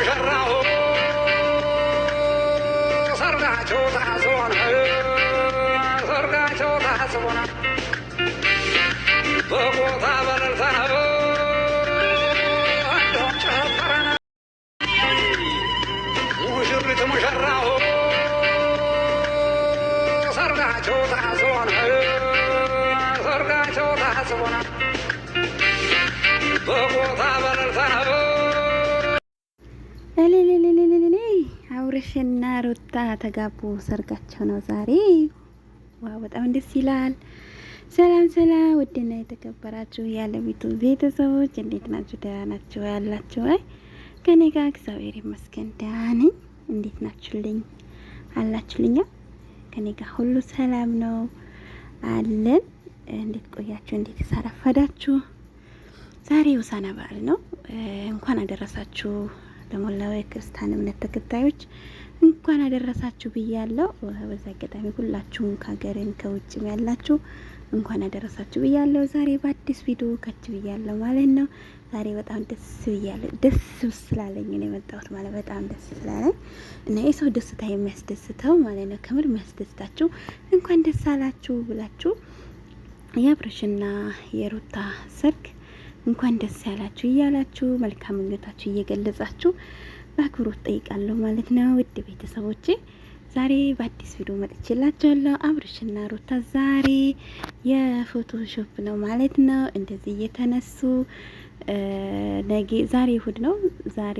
وشرعهم صرقعቸው ተሐስቦን صرقعቸው ተሐስቦን በቆታ በ እልልልልልል አብርሽና ሩታ ተጋቡ፣ ሰርጋቸው ነው ዛሬ። ዋው በጣም ደስ ይላል። ሰላም ሰላም፣ ውድና የተከበራችሁ ያለቤቱ ቤተሰቦች እንዴት ናችሁ? ደህና ናችሁ ያላችሁ? አይ ከኔ ጋር እግዚአብሔር ይመስገን ደህና ነኝ። እንዴት ናችሁልኝ? አላችሁልኛ? ከኔ ጋር ሁሉ ሰላም ነው አለን። እንዴት ቆያችሁ? እንዴት ሳረፈዳችሁ? ዛሬ ሆሳዕና በዓል ነው። እንኳን አደረሳችሁ ለሞላው የክርስቲያን እምነት ተከታዮች እንኳን አደረሳችሁ ብያለሁ። በዛ አጋጣሚ ሁላችሁም ከሀገርም ከውጭም ያላችሁ እንኳን አደረሳችሁ ብያለሁ። ዛሬ በአዲስ ቪዲዮ ከች ብያለሁ ማለት ነው። ዛሬ በጣም ደስ ብያለሁ። ደስ ስላለኝ ነው የመጣሁት ማለት በጣም ደስ ስላለኝ እና የሰው ደስታ የሚያስደስተው ማለት ነው። ከምር የሚያስደስታችሁ እንኳን ደስ አላችሁ ብላችሁ የአብርሽና የሩታ ሰርግ እንኳን ደስ ያላችሁ እያላችሁ መልካም ምኞታችሁ እየገለጻችሁ በአክብሮት ጠይቃለሁ ማለት ነው። ውድ ቤተሰቦቼ ዛሬ በአዲስ ቪዲዮ መጥቼላችኋለሁ። አብርሽና ሩታ ዛሬ የፎቶሾፕ ነው ማለት ነው። እንደዚህ እየተነሱ ነገ ዛሬ እሁድ ነው። ዛሬ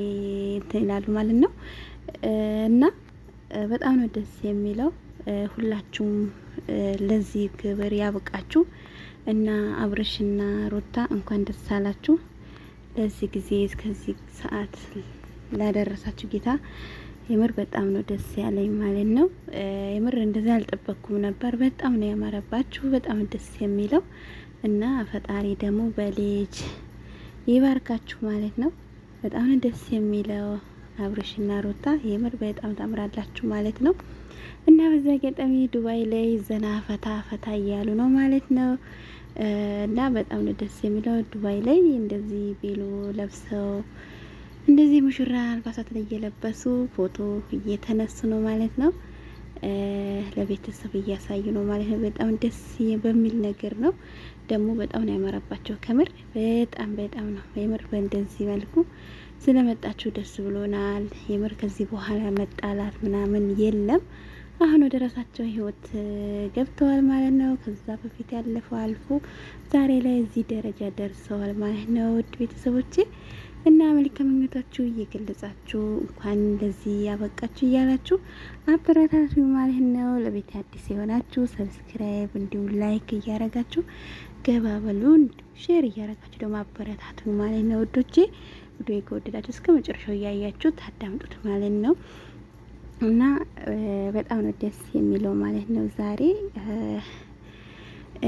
እንትን ይላሉ ማለት ነው እና በጣም ነው ደስ የሚለው። ሁላችሁም ለዚህ ክብር ያብቃችሁ። እና አብርሽና ሩታ እንኳን ደስ አላችሁ። ለዚህ ጊዜ እስከዚህ ሰዓት ላደረሳችሁ ጌታ የምር በጣም ነው ደስ ያለኝ ማለት ነው። የምር እንደዚህ አልጠበቅኩም ነበር። በጣም ነው ያማረባችሁ፣ በጣም ደስ የሚለው እና ፈጣሪ ደግሞ በልጅ ይባርካችሁ ማለት ነው። በጣም ነው ደስ የሚለው አብርሽና ሩታ የምር በጣም ታምራላችሁ ማለት ነው። እና በዛ አጋጣሚ ዱባይ ላይ ዘና ፈታ ፈታ እያሉ ነው ማለት ነው። እና በጣም ነው ደስ የሚለው። ዱባይ ላይ እንደዚህ ቤሎ ለብሰው እንደዚህ ሙሽራ ላይ እየለበሱ ፎቶ እየተነሱ ነው ማለት ነው። ለቤተሰብ እያሳዩ ነው ማለት ነው። በጣም ደስ በሚል ነገር ነው። ደግሞ በጣም ነው ያመራባቸው። ከምር በጣም በጣም ነው የምር። በእንደዚህ መልኩ ስለመጣችሁ ደስ ብሎናል የምር። ከዚህ በኋላ መጣላት ምናምን የለም። አሁን ወደ ራሳቸው ህይወት ገብተዋል ማለት ነው። ከዛ በፊት ያለፈው አልፎ ዛሬ ላይ እዚህ ደረጃ ደርሰዋል ማለት ነው። ውድ ቤተሰቦች እና መልካም ምኞታችሁ እየገለጻችሁ እንኳን እንደዚህ ያበቃችሁ እያላችሁ አበረታቱ ማለት ነው። ለቤት አዲስ የሆናችሁ ሰብስክራይብ፣ እንዲሁም ላይክ እያረጋችሁ ገባበሉን ሼር እያረጋችሁ ደግሞ አበረታቱ ማለት ነው። ውዶቼ ውዶ ከወደዳችሁ እስከ መጨረሻው እያያችሁ ታዳምጡት ማለት ነው። እና በጣም ነው ደስ የሚለው ማለት ነው። ዛሬ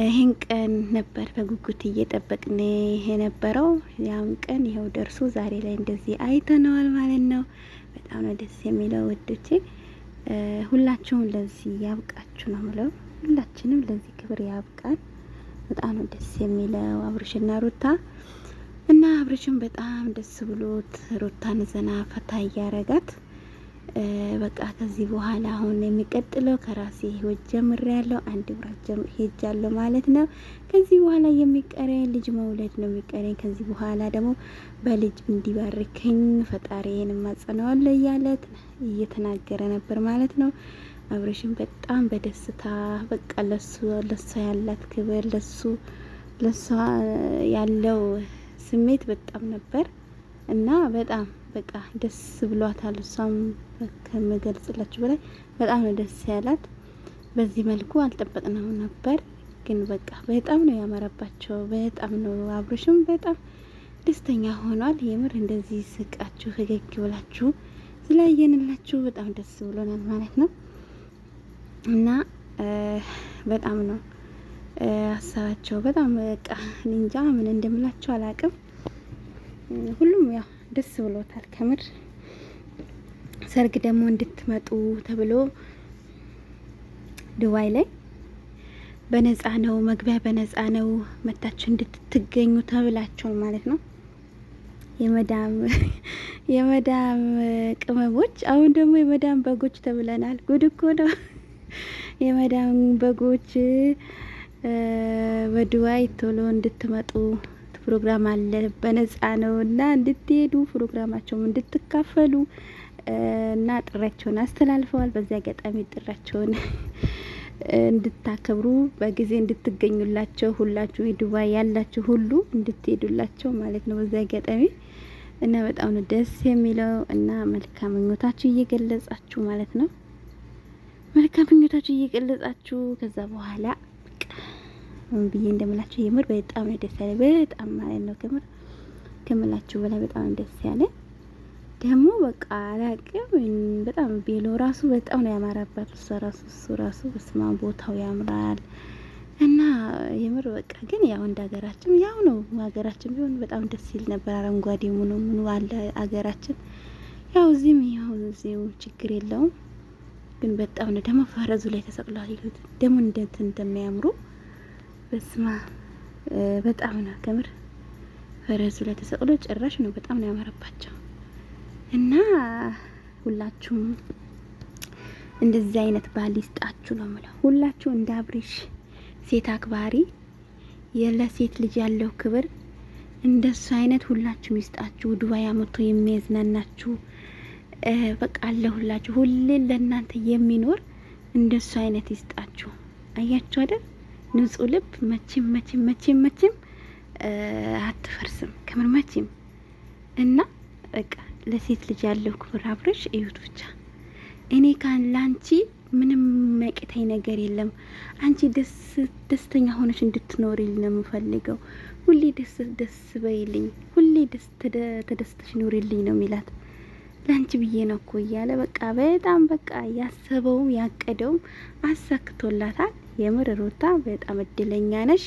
ይህን ቀን ነበር በጉጉት እየጠበቅን የነበረው። ያን ቀን ይኸው ደርሶ ዛሬ ላይ እንደዚህ አይተነዋል ማለት ነው። በጣም ነው ደስ የሚለው ወዶቼ። ሁላችሁም ለዚህ ያብቃችሁ ነው ምለው። ሁላችንም ለዚህ ክብር ያብቃን። በጣም ነው ደስ የሚለው አብርሽና ሩታ እና አብርሽም በጣም ደስ ብሎት ሩታን ዘና ፈታ እያረጋት በቃ ከዚህ በኋላ አሁን የሚቀጥለው ከራሴ ህይወት ጀምሬ ያለው አንድ ብራጀም ሄጅ ማለት ነው። ከዚህ በኋላ የሚቀረኝ ልጅ መውለድ ነው የሚቀረኝ። ከዚህ በኋላ ደግሞ በልጅ እንዲባርከኝ ፈጣሪን እማጸነዋለሁ እያለ እየተናገረ ነበር ማለት ነው። አብረሽን በጣም በደስታ በቃ ለሱ ለሷ ያላት ክብር ለሱ ለሷ ያለው ስሜት በጣም ነበር እና በጣም በቃ ደስ ብሏታል። እሷም ከምገልጽላችሁ በላይ በጣም ነው ደስ ያላት። በዚህ መልኩ አልጠበቅነው ነበር፣ ግን በቃ በጣም ነው ያመረባቸው። በጣም ነው አብሮሽም በጣም ደስተኛ ሆኗል። የምር እንደዚህ ስቃችሁ ፈገግ ብላችሁ ስላየንላችሁ በጣም ደስ ብሎናል ማለት ነው እና በጣም ነው ሀሳባቸው በጣም በቃ እንጃ ምን እንደምላቸው አላቅም። ሁሉም ያው ደስ ብሎታል። ከምር ሰርግ ደግሞ እንድትመጡ ተብሎ ድዋይ ላይ በነፃ ነው መግቢያ በነፃ ነው መታችሁ እንድትገኙ ተብላቸው ማለት ነው። የመዳም የመዳም ቅመሞች አሁን ደግሞ የመዳም በጎች ተብለናል። ጉድ እኮ ነው። የመዳም በጎች በድዋይ ቶሎ እንድትመጡ ፕሮግራም አለ፣ በነጻ ነው እና እንድትሄዱ ፕሮግራማቸውም እንድትካፈሉ እና ጥሪያቸውን አስተላልፈዋል። በዚህ አጋጣሚ ጥሪያቸውን እንድታከብሩ በጊዜ እንድትገኙላቸው ሁላችሁ ዱባይ ያላችሁ ሁሉ እንድትሄዱላቸው ማለት ነው በዚህ አጋጣሚ እና በጣም ነው ደስ የሚለው እና መልካም ምኞታችሁ እየገለጻችሁ ማለት ነው መልካም ምኞታችሁ እየገለጻችሁ ከዛ በኋላ ብዬ እንደምላችሁ የምር በጣም ነው ደስ ያለ በጣም ማለት ነው ከምር ከምላችሁ በላይ በጣም ነው ደስ ያለ ደግሞ በቃ አላቅም በጣም ቤሎ ራሱ በጣም ነው ያማረባት እሷ ራሱ እሱ ራሱ በስማ ቦታው ያምራል እና የምር በቃ ግን ያው እንደ ሀገራችን ያው ነው ሀገራችን ቢሆን በጣም ደስ ይል ነበር። አረንጓዴ ምኑ ምኑ አለ ሀገራችን ያው እዚህም ያው እዚሁ ችግር የለውም። ግን በጣም ነው ደግሞ ፈረዙ ላይ ተሰቅሏል ይሉት ደግሞ እንደት እንደሚያምሩ በስማ በጣም ነው ከምር ፈረሱ ላይ ተሰቅሎ ጭራሽ ነው በጣም ነው ያመረባቸው። እና ሁላችሁም እንደዚህ አይነት ባል ይስጣችሁ ነው የምለው። ሁላችሁ እንደ አብሬሽ ሴት አክባሪ ለሴት ልጅ ያለው ክብር እንደሱ አይነት ሁላችሁም ይስጣችሁ። ዱባይ አመቶ የሚያዝናናችሁ በቃ አለ ሁላችሁ ሁሌ ለእናንተ የሚኖር እንደሱ አይነት ይስጣችሁ። አያችሁ አይደል? ንጹህ ልብ መቼም መቼም መቼም መቼም አትፈርስም። ከምር መቼም እና በቃ ለሴት ልጅ ያለው ክብር አብረሽ እዩት ብቻ። እኔ ካን ላንቺ ምንም መቅተኝ ነገር የለም። አንቺ ደስ ደስተኛ ሆነሽ እንድትኖር ነው የምፈልገው። ሁሌ ደስ ደስ በይልኝ፣ ሁሌ ደስ ተደስተሽ ኖሪልኝ ነው የሚላት ለአንቺ ብዬ ነው እኮ እያለ በቃ በጣም በቃ ያሰበውም ያቀደውም አሳክቶላታል። የምር ሩታ በጣም እድለኛ ነሽ፣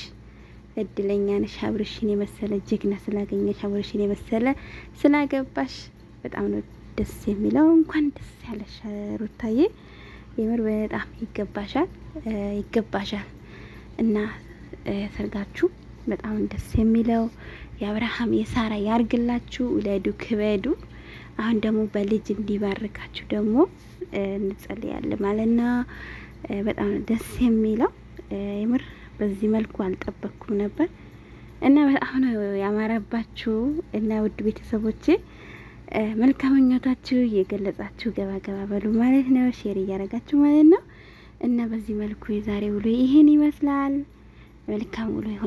እድለኛ ነሽ። አብርሽን የመሰለ ጀግና ስላገኘሽ፣ አብርሽን የመሰለ ስላገባሽ በጣም ነው ደስ የሚለው። እንኳን ደስ ያለሽ ሩታዬ፣ የምር በጣም ይገባሻል፣ ይገባሻል። እና ሰርጋችሁ በጣም ደስ የሚለው የአብርሃም የሳራ ያርግላችሁ። ውለዱ፣ ክበዱ። አሁን ደግሞ በልጅ እንዲባርካችሁ ደግሞ እንጸልያለን ማለት ነው። በጣም ደስ የሚለው የምር በዚህ መልኩ አልጠበቅኩም ነበር እና በጣም ነው ያማረባችሁ። እና ውድ ቤተሰቦቼ መልካምኞታችሁ እየገለጻችሁ ገባ ገባ በሉ ማለት ነው፣ ሼር እያደረጋችሁ ማለት ነው። እና በዚህ መልኩ የዛሬ ውሎ ይህን ይመስላል። መልካም ውሎ ይሁን።